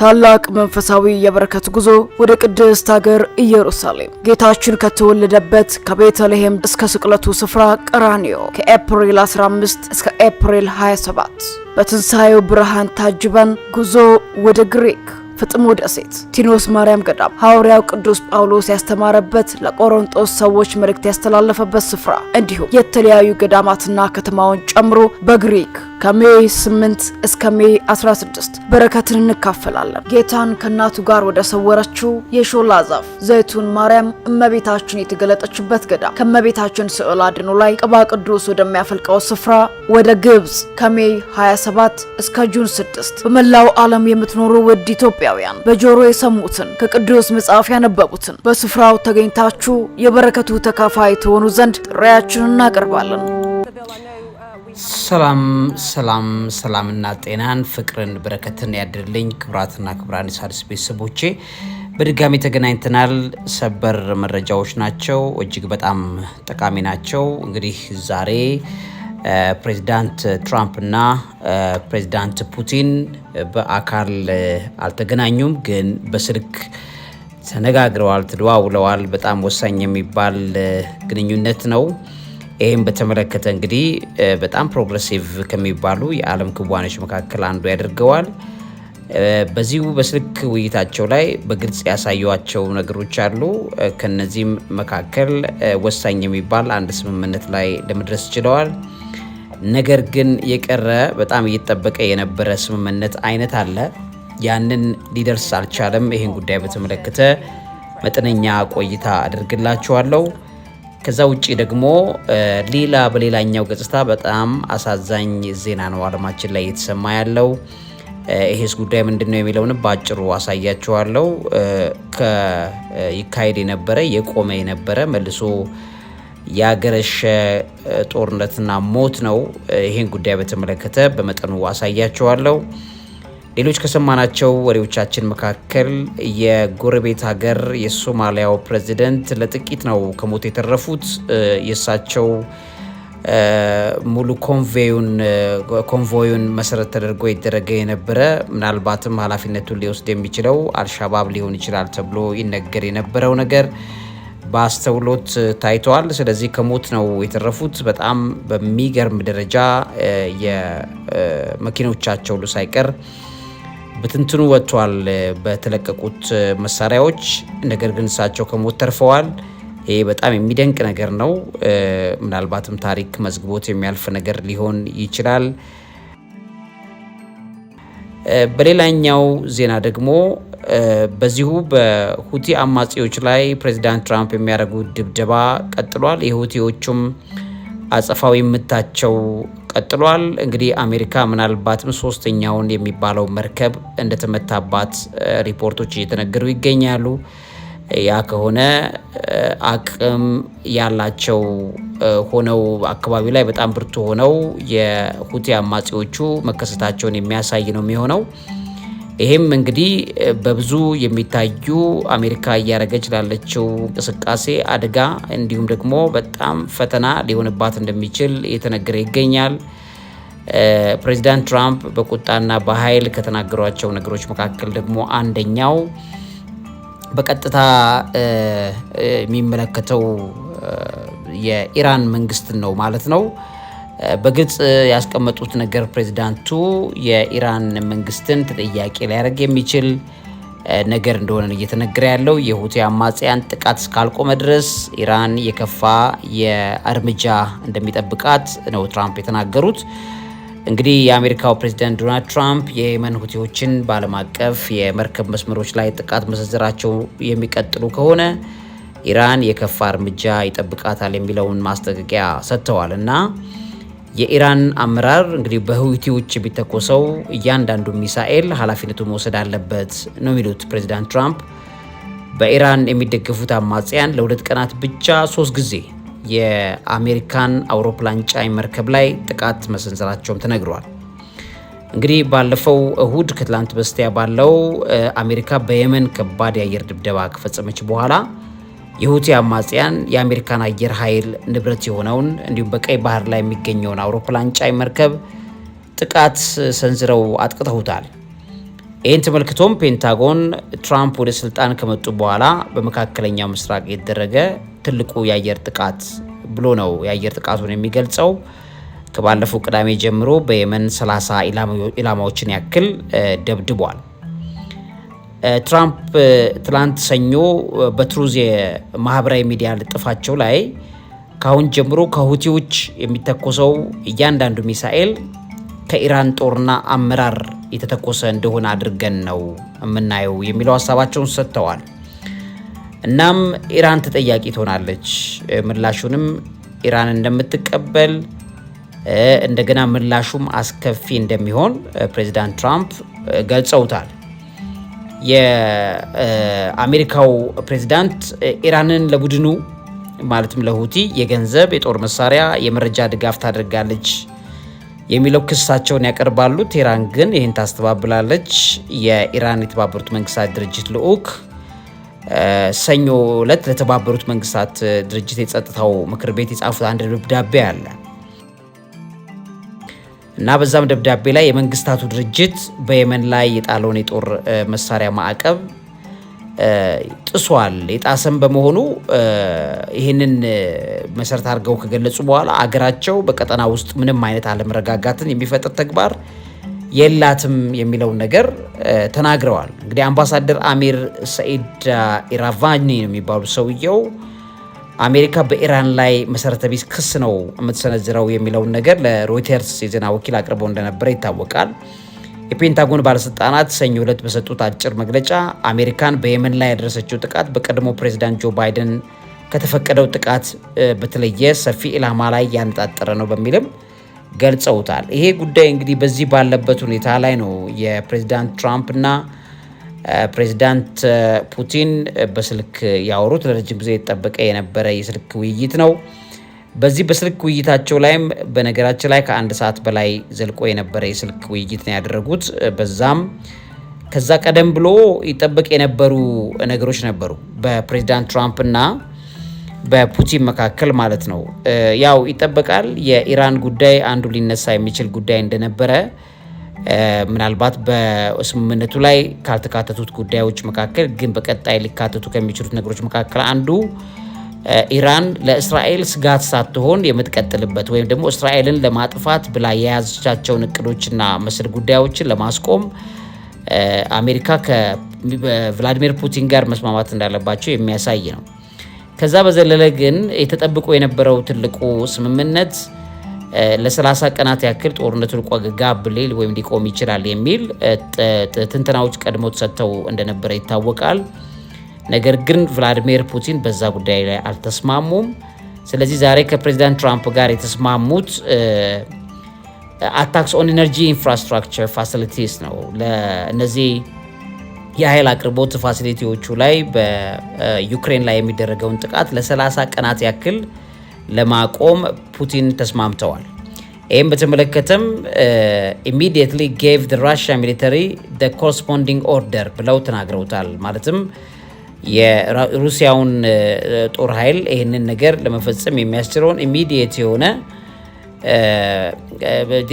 ታላቅ መንፈሳዊ የበረከት ጉዞ ወደ ቅድስት ሀገር ኢየሩሳሌም ጌታችን ከተወለደበት ከቤተልሔም እስከ ስቅለቱ ስፍራ ቀራኒዮ ከኤፕሪል 15 እስከ ኤፕሪል 27 በትንሣኤው ብርሃን ታጅበን ጉዞ ወደ ግሪክ ፍጥሞ ደሴት ቲኖስ ማርያም ገዳም ሐዋርያው ቅዱስ ጳውሎስ ያስተማረበት ለቆሮንጦስ ሰዎች መልእክት ያስተላለፈበት ስፍራ እንዲሁም የተለያዩ ገዳማትና ከተማውን ጨምሮ በግሪክ ከሜ 8 እስከ ሜ 16 በረከትን እንካፈላለን። ጌታን ከእናቱ ጋር ወደ ሰወረችው የሾላ ዛፍ ዘይቱን ማርያም እመቤታችን የተገለጠችበት ገዳም ከእመቤታችን ስዕል አድኖ ላይ ቅባ ቅዱስ ወደሚያፈልቀው ስፍራ ወደ ግብፅ ከሜ 27 እስከ ጁን 6 በመላው ዓለም የምትኖሩ ውድ ኢትዮጵያውያን በጆሮ የሰሙትን ከቅዱስ መጽሐፍ ያነበቡትን በስፍራው ተገኝታችሁ የበረከቱ ተካፋይ ትሆኑ ዘንድ ጥሪያችን እናቀርባለን። ሰላም ሰላም ሰላምና ጤናን ፍቅርን በረከትን ያድርልኝ። ክብራትና ክብራን የሣድስ ቤተሰቦቼ በድጋሚ ተገናኝተናል። ሰበር መረጃዎች ናቸው፣ እጅግ በጣም ጠቃሚ ናቸው። እንግዲህ ዛሬ ፕሬዚዳንት ትራምፕ እና ፕሬዚዳንት ፑቲን በአካል አልተገናኙም፣ ግን በስልክ ተነጋግረዋል፣ ተደዋውለዋል። በጣም ወሳኝ የሚባል ግንኙነት ነው። ይህም በተመለከተ እንግዲህ በጣም ፕሮግረሲቭ ከሚባሉ የዓለም ክዋኔዎች መካከል አንዱ ያደርገዋል። በዚሁ በስልክ ውይይታቸው ላይ በግልጽ ያሳዩቸው ነገሮች አሉ። ከነዚህም መካከል ወሳኝ የሚባል አንድ ስምምነት ላይ ለመድረስ ችለዋል። ነገር ግን የቀረ በጣም እየተጠበቀ የነበረ ስምምነት አይነት አለ። ያንን ሊደርስ አልቻለም። ይህን ጉዳይ በተመለከተ መጠነኛ ቆይታ አድርግላችኋለሁ። ከዛ ውጪ ደግሞ ሌላ በሌላኛው ገጽታ በጣም አሳዛኝ ዜና ነው አለማችን ላይ እየተሰማ ያለው። ይሄስ ጉዳይ ምንድን ነው የሚለውን በአጭሩ አሳያችኋለሁ። ይካሄድ የነበረ የቆመ የነበረ መልሶ ያገረሸ ጦርነትና ሞት ነው። ይህን ጉዳይ በተመለከተ በመጠኑ አሳያችኋለሁ። ሌሎች ከሰማናቸው ወሬዎቻችን መካከል የጎረቤት ሀገር የሶማሊያው ፕሬዚደንት ለጥቂት ነው ከሞት የተረፉት። የእሳቸው ሙሉ ኮንቮዩን መሰረት ተደርጎ የተደረገ የነበረ ምናልባትም ኃላፊነቱን ሊወስድ የሚችለው አልሻባብ ሊሆን ይችላል ተብሎ ይነገር የነበረው ነገር በአስተውሎት ታይተዋል። ስለዚህ ከሞት ነው የተረፉት። በጣም በሚገርም ደረጃ የመኪኖቻቸው ሳይቀር በትንትኑ ወጥቷል በተለቀቁት መሳሪያዎች። ነገር ግን እሳቸው ከሞት ተርፈዋል። ይሄ በጣም የሚደንቅ ነገር ነው። ምናልባትም ታሪክ መዝግቦት የሚያልፍ ነገር ሊሆን ይችላል። በሌላኛው ዜና ደግሞ በዚሁ በሁቲ አማጺዎች ላይ ፕሬዚዳንት ትራምፕ የሚያደርጉት ድብደባ ቀጥሏል። የሁቲዎቹም አጸፋዊ ምታቸው ቀጥሏል። እንግዲህ አሜሪካ ምናልባትም ሶስተኛውን የሚባለው መርከብ እንደተመታባት ሪፖርቶች እየተነገሩ ይገኛሉ። ያ ከሆነ አቅም ያላቸው ሆነው አካባቢ ላይ በጣም ብርቱ ሆነው የሁቲ አማጺዎቹ መከሰታቸውን የሚያሳይ ነው የሚሆነው። ይህም እንግዲህ በብዙ የሚታዩ አሜሪካ እያደረገች ላለችው እንቅስቃሴ አደጋ እንዲሁም ደግሞ በጣም ፈተና ሊሆንባት እንደሚችል እየተነገረ ይገኛል። ፕሬዚዳንት ትራምፕ በቁጣና በኃይል ከተናገሯቸው ነገሮች መካከል ደግሞ አንደኛው በቀጥታ የሚመለከተው የኢራን መንግስትን ነው ማለት ነው። በግልጽ ያስቀመጡት ነገር ፕሬዚዳንቱ የኢራን መንግስትን ተጠያቂ ሊያደርግ የሚችል ነገር እንደሆነ እየተነገረ ያለው የሁቲ አማጽያን ጥቃት እስካልቆመ ድረስ ኢራን የከፋ የእርምጃ እንደሚጠብቃት ነው ትራምፕ የተናገሩት። እንግዲህ የአሜሪካው ፕሬዚደንት ዶናልድ ትራምፕ የየመን ሁቲዎችን በዓለም አቀፍ የመርከብ መስመሮች ላይ ጥቃት መሰንዘራቸው የሚቀጥሉ ከሆነ ኢራን የከፋ እርምጃ ይጠብቃታል የሚለውን ማስጠንቀቂያ ሰጥተዋል እና የኢራን አመራር እንግዲህ በሁቲዎች የሚተኮሰው እያንዳንዱ ሚሳኤል ኃላፊነቱን መውሰድ አለበት ነው የሚሉት ፕሬዚዳንት ትራምፕ። በኢራን የሚደገፉት አማጽያን ለሁለት ቀናት ብቻ ሶስት ጊዜ የአሜሪካን አውሮፕላን ጫኝ መርከብ ላይ ጥቃት መሰንዘራቸውም ተነግሯል። እንግዲህ ባለፈው እሁድ ከትላንት በስቲያ ባለው አሜሪካ በየመን ከባድ የአየር ድብደባ ከፈጸመች በኋላ የሁቲ አማጽያን የአሜሪካን አየር ኃይል ንብረት የሆነውን እንዲሁም በቀይ ባህር ላይ የሚገኘውን አውሮፕላን ጫይ መርከብ ጥቃት ሰንዝረው አጥቅተውታል። ይህን ተመልክቶም ፔንታጎን ትራምፕ ወደ ስልጣን ከመጡ በኋላ በመካከለኛው ምስራቅ የተደረገ ትልቁ የአየር ጥቃት ብሎ ነው የአየር ጥቃቱን የሚገልጸው። ከባለፈው ቅዳሜ ጀምሮ በየመን 30 ኢላማዎችን ያክል ደብድቧል። ትራምፕ ትላንት ሰኞ በትሩዝ የማህበራዊ ሚዲያ ልጥፋቸው ላይ ካሁን ጀምሮ ከሁቲዎች የሚተኮሰው እያንዳንዱ ሚሳኤል ከኢራን ጦርና አመራር የተተኮሰ እንደሆነ አድርገን ነው የምናየው የሚለው ሀሳባቸውን ሰጥተዋል። እናም ኢራን ተጠያቂ ትሆናለች፣ ምላሹንም ኢራን እንደምትቀበል እንደገና ምላሹም አስከፊ እንደሚሆን ፕሬዚዳንት ትራምፕ ገልጸውታል። የአሜሪካው ፕሬዚዳንት ኢራንን ለቡድኑ ማለትም ለሁቲ የገንዘብ፣ የጦር መሳሪያ፣ የመረጃ ድጋፍ ታደርጋለች የሚለው ክሳቸውን ያቀርባሉ። ቴህራን ግን ይህን ታስተባብላለች። የኢራን የተባበሩት መንግስታት ድርጅት ልዑክ ሰኞ ዕለት ለተባበሩት መንግስታት ድርጅት የጸጥታው ምክር ቤት የጻፉት አንድ ደብዳቤ አለ። እና በዛም ደብዳቤ ላይ የመንግስታቱ ድርጅት በየመን ላይ የጣለውን የጦር መሳሪያ ማዕቀብ ጥሷል፣ የጣሰም በመሆኑ ይህንን መሰረት አድርገው ከገለጹ በኋላ አገራቸው በቀጠና ውስጥ ምንም አይነት አለመረጋጋትን የሚፈጥር ተግባር የላትም የሚለውን ነገር ተናግረዋል። እንግዲህ አምባሳደር አሚር ሰኢድ ኢራቫኒ ነው የሚባሉ ሰውየው አሜሪካ በኢራን ላይ መሰረተ ቢስ ክስ ነው የምትሰነዝረው የሚለውን ነገር ለሮይተርስ የዜና ወኪል አቅርበው እንደነበረ ይታወቃል። የፔንታጎን ባለስልጣናት ሰኞ ዕለት በሰጡት አጭር መግለጫ አሜሪካን በየመን ላይ ያደረሰችው ጥቃት በቀድሞ ፕሬዚዳንት ጆ ባይደን ከተፈቀደው ጥቃት በተለየ ሰፊ ኢላማ ላይ ያነጣጠረ ነው በሚልም ገልጸውታል። ይሄ ጉዳይ እንግዲህ በዚህ ባለበት ሁኔታ ላይ ነው የፕሬዚዳንት ትራምፕ እና ፕሬዚዳንት ፑቲን በስልክ ያወሩት ለረጅም ጊዜ የተጠበቀ የነበረ የስልክ ውይይት ነው። በዚህ በስልክ ውይይታቸው ላይም በነገራችን ላይ ከአንድ ሰዓት በላይ ዘልቆ የነበረ የስልክ ውይይት ነው ያደረጉት። በዛም ከዛ ቀደም ብሎ ይጠበቅ የነበሩ ነገሮች ነበሩ በፕሬዚዳንት እና በፑቲን መካከል ማለት ነው። ያው ይጠበቃል የኢራን ጉዳይ አንዱ ሊነሳ የሚችል ጉዳይ እንደነበረ ምናልባት በስምምነቱ ላይ ካልተካተቱት ጉዳዮች መካከል ግን በቀጣይ ሊካተቱ ከሚችሉት ነገሮች መካከል አንዱ ኢራን ለእስራኤል ስጋት ሳትሆን የምትቀጥልበት ወይም ደግሞ እስራኤልን ለማጥፋት ብላ የያዘቻቸውን እቅዶችና መሰል ጉዳዮችን ለማስቆም አሜሪካ ከቭላዲሚር ፑቲን ጋር መስማማት እንዳለባቸው የሚያሳይ ነው። ከዛ በዘለለ ግን የተጠብቆ የነበረው ትልቁ ስምምነት ለሰላሳ ቀናት ያክል ጦርነቱን ጋብ ሊል ወይም ሊቆም ይችላል የሚል ትንተናዎች ቀድሞ ተሰጥተው እንደነበረ ይታወቃል። ነገር ግን ቭላዲሚር ፑቲን በዛ ጉዳይ ላይ አልተስማሙም። ስለዚህ ዛሬ ከፕሬዚዳንት ትራምፕ ጋር የተስማሙት አታክስ ኦን ኢነርጂ ኢንፍራስትራክቸር ፋሲሊቲስ ነው። ለእነዚህ የኃይል አቅርቦት ፋሲሊቲዎቹ ላይ በዩክሬን ላይ የሚደረገውን ጥቃት ለ30 ቀናት ያክል ለማቆም ፑቲን ተስማምተዋል። ይህም በተመለከተም ኢሚዲየትሊ ጌቭ ራሽያ ሚሊተሪ ኮረስፖንዲንግ ኦርደር ብለው ተናግረውታል። ማለትም የሩሲያውን ጦር ኃይል ይህንን ነገር ለመፈጸም የሚያስችለውን ኢሚዲየት የሆነ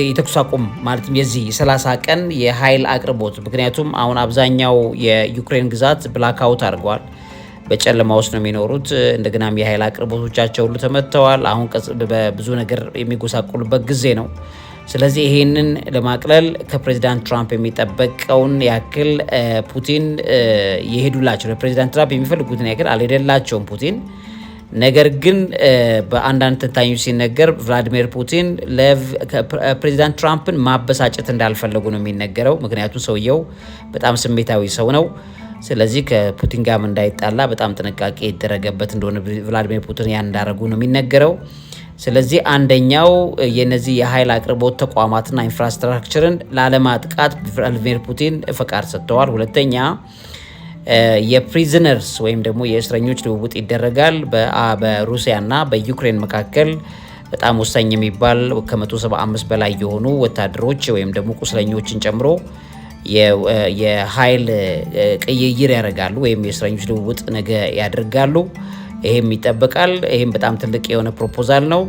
የተኩስ አቁም ማለትም የዚህ የ30 ቀን የኃይል አቅርቦት ምክንያቱም አሁን አብዛኛው የዩክሬን ግዛት ብላክአውት አድርገዋል። በጨለማ ውስጥ ነው የሚኖሩት። እንደገናም የኃይል አቅርቦቶቻቸው ሁሉ ተመተዋል። አሁን በብዙ ነገር የሚጎሳቆሉበት ጊዜ ነው። ስለዚህ ይሄንን ለማቅለል ከፕሬዚዳንት ትራምፕ የሚጠበቀውን ያክል ፑቲን የሄዱላቸው ለፕሬዚዳንት ትራምፕ የሚፈልጉትን ያክል አልሄደላቸውም ፑቲን። ነገር ግን በአንዳንድ ተንታኞች ሲነገር ቭላዲሚር ፑቲን ለፕሬዚዳንት ትራምፕን ማበሳጨት እንዳልፈለጉ ነው የሚነገረው። ምክንያቱም ሰውየው በጣም ስሜታዊ ሰው ነው። ስለዚህ ከፑቲን ጋርም እንዳይጣላ በጣም ጥንቃቄ ይደረገበት እንደሆነ ቭላዲሚር ፑቲን ያን እንዳደረጉ ነው የሚነገረው። ስለዚህ አንደኛው የነዚህ የኃይል አቅርቦት ተቋማትና ኢንፍራስትራክቸርን ላለማጥቃት ቭላዲሚር ፑቲን ፈቃድ ሰጥተዋል። ሁለተኛ የፕሪዝነርስ ወይም ደግሞ የእስረኞች ልውውጥ ይደረጋል። በሩሲያና በዩክሬን መካከል በጣም ወሳኝ የሚባል ከ175 በላይ የሆኑ ወታደሮች ወይም ደግሞ ቁስለኞችን ጨምሮ የኃይል ቅይይር ያደርጋሉ ወይም የእስረኞች ልውውጥ ነገ ያደርጋሉ። ይህም ይጠበቃል። ይህም በጣም ትልቅ የሆነ ፕሮፖዛል ነው።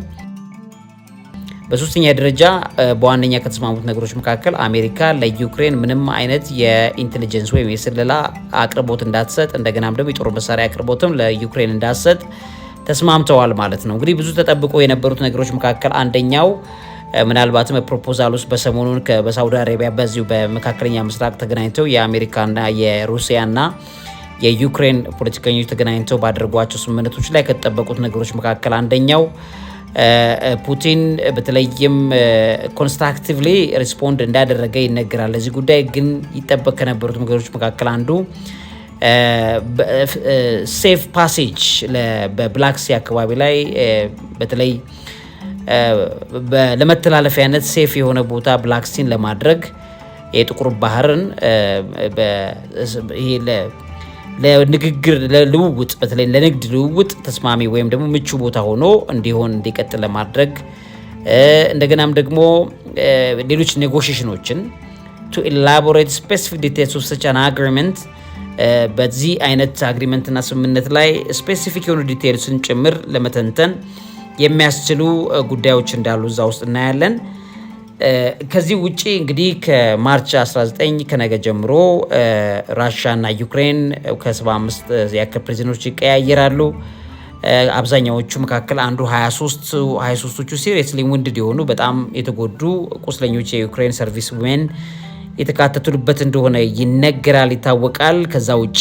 በሶስተኛ ደረጃ በዋነኛ ከተስማሙት ነገሮች መካከል አሜሪካ ለዩክሬን ምንም አይነት የኢንቴሊጀንስ ወይም የስለላ አቅርቦት እንዳትሰጥ፣ እንደገናም ደግሞ የጦር መሳሪያ አቅርቦትም ለዩክሬን እንዳትሰጥ ተስማምተዋል ማለት ነው። እንግዲህ ብዙ ተጠብቆ የነበሩት ነገሮች መካከል አንደኛው ምናልባትም ፕሮፖዛል ውስጥ በሰሞኑን በሳውዲ አረቢያ በዚሁ በመካከለኛ ምስራቅ ተገናኝተው የአሜሪካና የሩሲያና የዩክሬን ፖለቲከኞች ተገናኝተው ባደረጓቸው ስምምነቶች ላይ ከተጠበቁት ነገሮች መካከል አንደኛው ፑቲን በተለይም ኮንስትራክቲቭሊ ሪስፖንድ እንዳደረገ ይነገራል። ለዚህ ጉዳይ ግን ይጠበቅ ከነበሩት ነገሮች መካከል አንዱ ሴፍ ፓሴጅ በብላክሲ አካባቢ ላይ በተለይ ለመተላለፊያነት ሴፍ የሆነ ቦታ ብላክሲን ለማድረግ የጥቁር ባህርን ለንግግር ለልውውጥ በተለይ ለንግድ ልውውጥ ተስማሚ ወይም ደግሞ ምቹ ቦታ ሆኖ እንዲሆን እንዲቀጥል ለማድረግ እንደገናም ደግሞ ሌሎች ኔጎሽሽኖችን ቱ ኢላቦሬት ስፔሲፊክ ዲቴልስ ኦፍ ሰች አን አግሪመንት በዚህ አይነት አግሪመንትና ስምምነት ላይ ስፔሲፊክ የሆኑ ዲቴልስን ጭምር ለመተንተን የሚያስችሉ ጉዳዮች እንዳሉ እዛ ውስጥ እናያለን። ከዚህ ውጭ እንግዲህ ከማርች 19 ከነገ ጀምሮ ራሻ እና ዩክሬን ከ75 ያክል ፕሪዝኖች ይቀያየራሉ። አብዛኛዎቹ መካከል አንዱ 23 ቱ ዎቹ ሲሪየስሊ ውንድድ የሆኑ በጣም የተጎዱ ቁስለኞች የዩክሬን ሰርቪስ ውሜን የተካተቱበት እንደሆነ ይነገራል፣ ይታወቃል። ከዛ ውጭ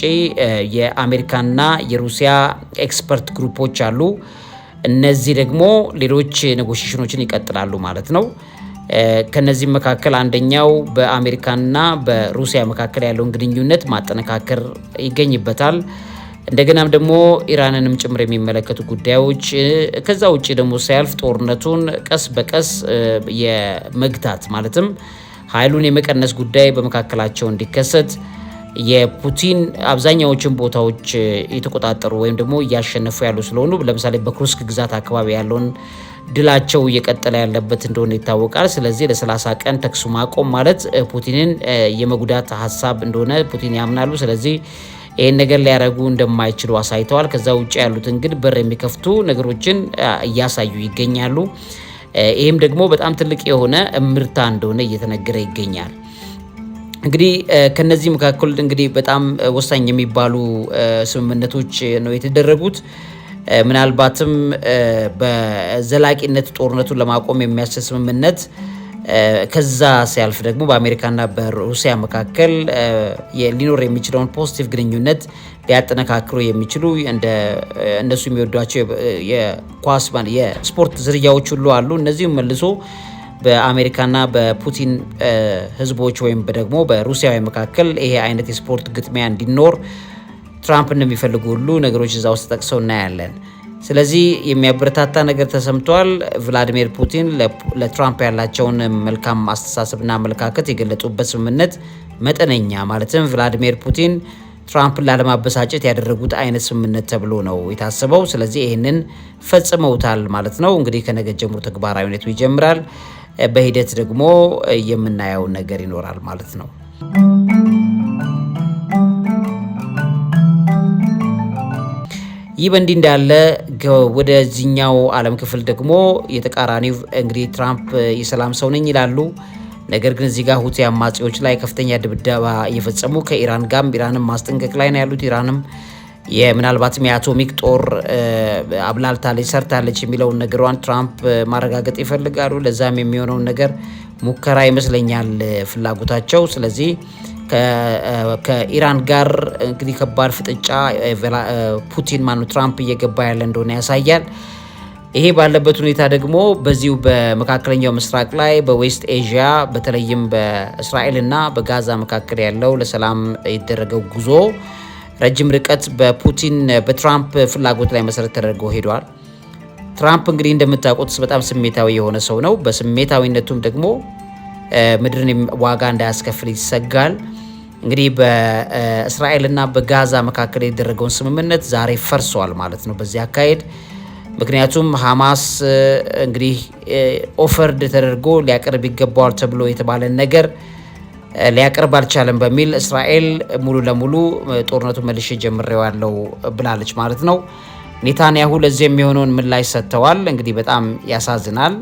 የአሜሪካና የሩሲያ ኤክስፐርት ግሩፖች አሉ። እነዚህ ደግሞ ሌሎች ኔጎሽሽኖችን ይቀጥላሉ ማለት ነው። ከነዚህም መካከል አንደኛው በአሜሪካና በሩሲያ መካከል ያለውን ግንኙነት ማጠነካከር ይገኝበታል። እንደገናም ደግሞ ኢራንንም ጭምር የሚመለከቱ ጉዳዮች ከዛ ውጭ ደግሞ ሳያልፍ ጦርነቱን ቀስ በቀስ የመግታት ማለትም ኃይሉን የመቀነስ ጉዳይ በመካከላቸው እንዲከሰት የፑቲን አብዛኛዎችን ቦታዎች የተቆጣጠሩ ወይም ደግሞ እያሸነፉ ያሉ ስለሆኑ ለምሳሌ በክሩስክ ግዛት አካባቢ ያለውን ድላቸው እየቀጠለ ያለበት እንደሆነ ይታወቃል። ስለዚህ ለ30 ቀን ተኩስ ማቆም ማለት ፑቲንን የመጉዳት ሀሳብ እንደሆነ ፑቲን ያምናሉ። ስለዚህ ይህን ነገር ሊያደርጉ እንደማይችሉ አሳይተዋል። ከዛ ውጭ ያሉትን ግን በር የሚከፍቱ ነገሮችን እያሳዩ ይገኛሉ። ይህም ደግሞ በጣም ትልቅ የሆነ እምርታ እንደሆነ እየተነገረ ይገኛል። እንግዲህ ከነዚህ መካከል እንግዲህ በጣም ወሳኝ የሚባሉ ስምምነቶች ነው የተደረጉት። ምናልባትም በዘላቂነት ጦርነቱን ለማቆም የሚያስችል ስምምነት ከዛ ሲያልፍ ደግሞ በአሜሪካና በሩሲያ መካከል ሊኖር የሚችለውን ፖዚቲቭ ግንኙነት ሊያጠነካክሩ የሚችሉ እነሱ የሚወዷቸው የኳስ የስፖርት ዝርያዎች ሁሉ አሉ። እነዚህም መልሶ በአሜሪካና በፑቲን ህዝቦች ወይም ደግሞ በሩሲያዊ መካከል ይሄ አይነት የስፖርት ግጥሚያ እንዲኖር ትራምፕ እንደሚፈልጉ ሁሉ ነገሮች እዛ ውስጥ ጠቅሰው እናያለን። ስለዚህ የሚያበረታታ ነገር ተሰምቷል። ቭላዲሚር ፑቲን ለትራምፕ ያላቸውን መልካም አስተሳሰብና አመለካከት የገለጹበት ስምምነት መጠነኛ ማለትም ቭላዲሚር ፑቲን ትራምፕን ላለማበሳጨት ያደረጉት አይነት ስምምነት ተብሎ ነው የታሰበው። ስለዚህ ይህንን ፈጽመውታል ማለት ነው። እንግዲህ ከነገ ጀምሮ ተግባራዊነቱ ይጀምራል። በሂደት ደግሞ የምናየው ነገር ይኖራል ማለት ነው። ይህ በእንዲህ እንዳለ ወደዚህኛው ዓለም ክፍል ደግሞ የተቃራኒው እንግዲህ ትራምፕ የሰላም ሰው ነኝ ይላሉ። ነገር ግን እዚህ ጋር ሁቲ አማጺዎች ላይ ከፍተኛ ድብደባ እየፈጸሙ ከኢራን ጋርም ኢራንም ማስጠንቀቅ ላይ ነው ያሉት። ኢራንም የምናልባትም የአቶሚክ ጦር አብላልታለች ሰርታለች የሚለውን ነገሯን ትራምፕ ማረጋገጥ ይፈልጋሉ። ለዛም የሚሆነውን ነገር ሙከራ ይመስለኛል ፍላጎታቸው። ስለዚህ ከኢራን ጋር እንግዲህ ከባድ ፍጥጫ ፑቲን ማኑ ትራምፕ እየገባ ያለ እንደሆነ ያሳያል። ይሄ ባለበት ሁኔታ ደግሞ በዚሁ በመካከለኛው ምስራቅ ላይ በዌስት ኤዥያ በተለይም በእስራኤልና በጋዛ መካከል ያለው ለሰላም የተደረገው ጉዞ ረጅም ርቀት በፑቲን በትራምፕ ፍላጎት ላይ መሰረት ተደርጎ ሄዷል። ትራምፕ እንግዲህ እንደምታውቁት በጣም ስሜታዊ የሆነ ሰው ነው። በስሜታዊነቱም ደግሞ ምድርን ዋጋ እንዳያስከፍል ይሰጋል። እንግዲህ በእስራኤልና በጋዛ መካከል የተደረገውን ስምምነት ዛሬ ፈርሷል ማለት ነው በዚህ አካሄድ። ምክንያቱም ሐማስ እንግዲህ ኦፈርድ ተደርጎ ሊያቀርብ ይገባዋል ተብሎ የተባለ ነገር ሊያቀርብ አልቻለም በሚል እስራኤል ሙሉ ለሙሉ ጦርነቱን መልሼ ጀምሬዋለሁ ብላለች ማለት ነው። ኔታንያሁ ለዚህ የሚሆነውን ምላሽ ሰጥተዋል። እንግዲህ በጣም ያሳዝናል።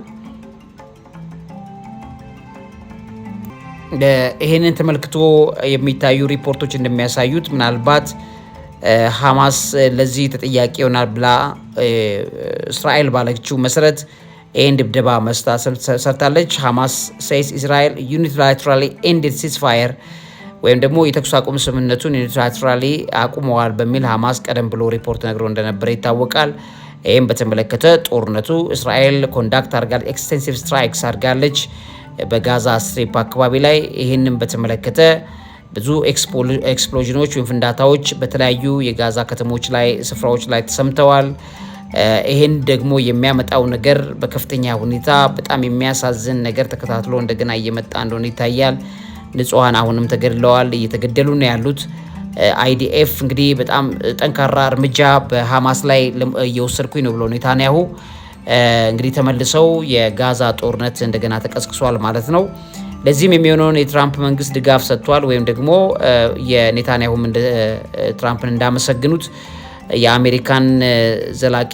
ይህንን ተመልክቶ የሚታዩ ሪፖርቶች እንደሚያሳዩት ምናልባት ሐማስ ለዚህ ተጠያቂ ይሆናል ብላ እስራኤል ባለችው መሰረት ይህን ድብደባ መስታ ሰርታለች። ሐማስ ሴይስ እስራኤል ዩኒትራትራሊ ኤንድድ ሲስፋየር ወይም ደግሞ የተኩስ አቁም ስምምነቱን ዩኒትራትራሊ አቁመዋል በሚል ሐማስ ቀደም ብሎ ሪፖርት ነግሮ እንደነበረ ይታወቃል። ይህም በተመለከተ ጦርነቱ እስራኤል ኮንዳክት አርጋ ኤክስቴንሲቭ ስትራይክስ አድርጋለች በጋዛ ስትሪፕ አካባቢ ላይ። ይህንም በተመለከተ ብዙ ኤክስፕሎዥኖች ወይም ፍንዳታዎች በተለያዩ የጋዛ ከተሞች ላይ ስፍራዎች ላይ ተሰምተዋል። ይሄን ደግሞ የሚያመጣው ነገር በከፍተኛ ሁኔታ በጣም የሚያሳዝን ነገር ተከታትሎ እንደገና እየመጣ እንደሆነ ይታያል። ንጹሐን አሁንም ተገድለዋል፣ እየተገደሉ ነው ያሉት። አይዲኤፍ እንግዲህ በጣም ጠንካራ እርምጃ በሐማስ ላይ እየወሰድኩኝ ነው ብሎ ኔታንያሁ እንግዲህ ተመልሰው የጋዛ ጦርነት እንደገና ተቀስቅሷል ማለት ነው። ለዚህም የሚሆነውን የትራምፕ መንግስት ድጋፍ ሰጥቷል ወይም ደግሞ የኔታንያሁም ትራምፕን እንዳመሰግኑት የአሜሪካን ዘላቂ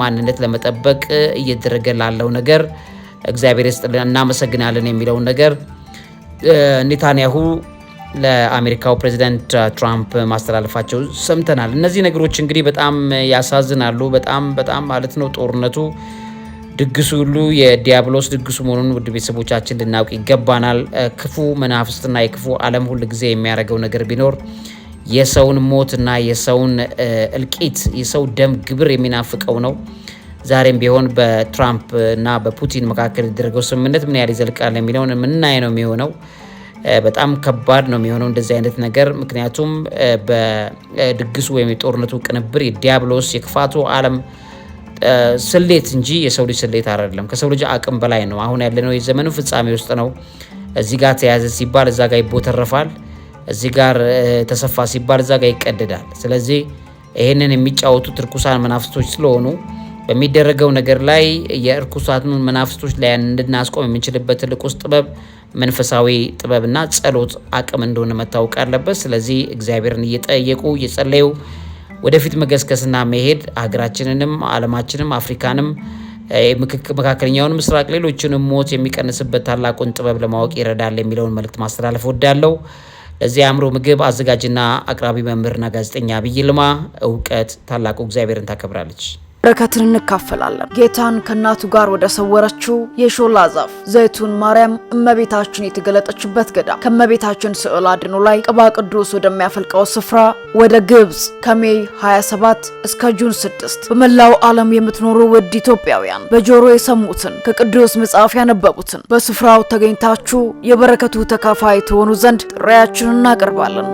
ማንነት ለመጠበቅ እየደረገ ላለው ነገር እግዚአብሔር ይስጥልን እናመሰግናለን የሚለውን ነገር ኔታንያሁ ለአሜሪካው ፕሬዚደንት ትራምፕ ማስተላለፋቸው ሰምተናል። እነዚህ ነገሮች እንግዲህ በጣም ያሳዝናሉ። በጣም በጣም ማለት ነው። ጦርነቱ ድግሱ ሁሉ የዲያብሎስ ድግሱ መሆኑን ውድ ቤተሰቦቻችን ልናውቅ ይገባናል። ክፉ መናፍስትና የክፉ ዓለም ሁል ጊዜ የሚያደርገው ነገር ቢኖር የሰውን ሞትና የሰውን እልቂት የሰው ደም ግብር የሚናፍቀው ነው። ዛሬም ቢሆን በትራምፕ እና በፑቲን መካከል የተደረገው ስምምነት ምን ያህል ይዘልቃል የሚለውን የምናይ ነው የሚሆነው። በጣም ከባድ ነው የሚሆነው እንደዚህ አይነት ነገር። ምክንያቱም በድግሱ ወይም የጦርነቱ ቅንብር የዲያብሎስ የክፋቱ ዓለም ስሌት እንጂ የሰው ልጅ ስሌት አይደለም። ከሰው ልጅ አቅም በላይ ነው። አሁን ያለነው የዘመኑ ፍጻሜ ውስጥ ነው። እዚህ ጋር ተያዘ ሲባል እዛ ጋር ይቦተረፋል። እዚህ ጋር ተሰፋ ሲባል እዛ ጋር ይቀደዳል። ስለዚህ ይህንን የሚጫወቱት እርኩሳን መናፍስቶች ስለሆኑ በሚደረገው ነገር ላይ የእርኩሳኑን መናፍስቶች ላይ እንድናስቆም የምንችልበት ትልቁስ ጥበብ መንፈሳዊ ጥበብና ጸሎት አቅም እንደሆነ መታወቅ አለበት። ስለዚህ እግዚአብሔርን እየጠየቁ እየጸለዩ ወደፊት መገስገስና መሄድ ሀገራችንንም ዓለማችንም አፍሪካንም መካከለኛውን ምስራቅ ሌሎችንም ሞት የሚቀንስበት ታላቁን ጥበብ ለማወቅ ይረዳል የሚለውን መልእክት ማስተላለፍ ወዳለው ለዚህ አእምሮ ምግብ አዘጋጅና አቅራቢ መምህርና ጋዜጠኛ ዐቢይ ይልማ እውቀት ታላቁ እግዚአብሔርን ታከብራለች። በረከትን እንካፈላለን። ጌታን ከእናቱ ጋር ወደ ሰወረችው የሾላ ዛፍ ዘይቱን ማርያም እመቤታችን የተገለጠችበት ገዳም ከእመቤታችን ስዕል አድኑ ላይ ቅባ ቅዱስ ወደሚያፈልቀው ስፍራ ወደ ግብፅ ከሜይ 27 እስከ ጁን 6 በመላው ዓለም የምትኖሩ ውድ ኢትዮጵያውያን በጆሮ የሰሙትን ከቅዱስ መጽሐፍ ያነበቡትን በስፍራው ተገኝታችሁ የበረከቱ ተካፋይ ትሆኑ ዘንድ ጥሪያችንን እናቀርባለን።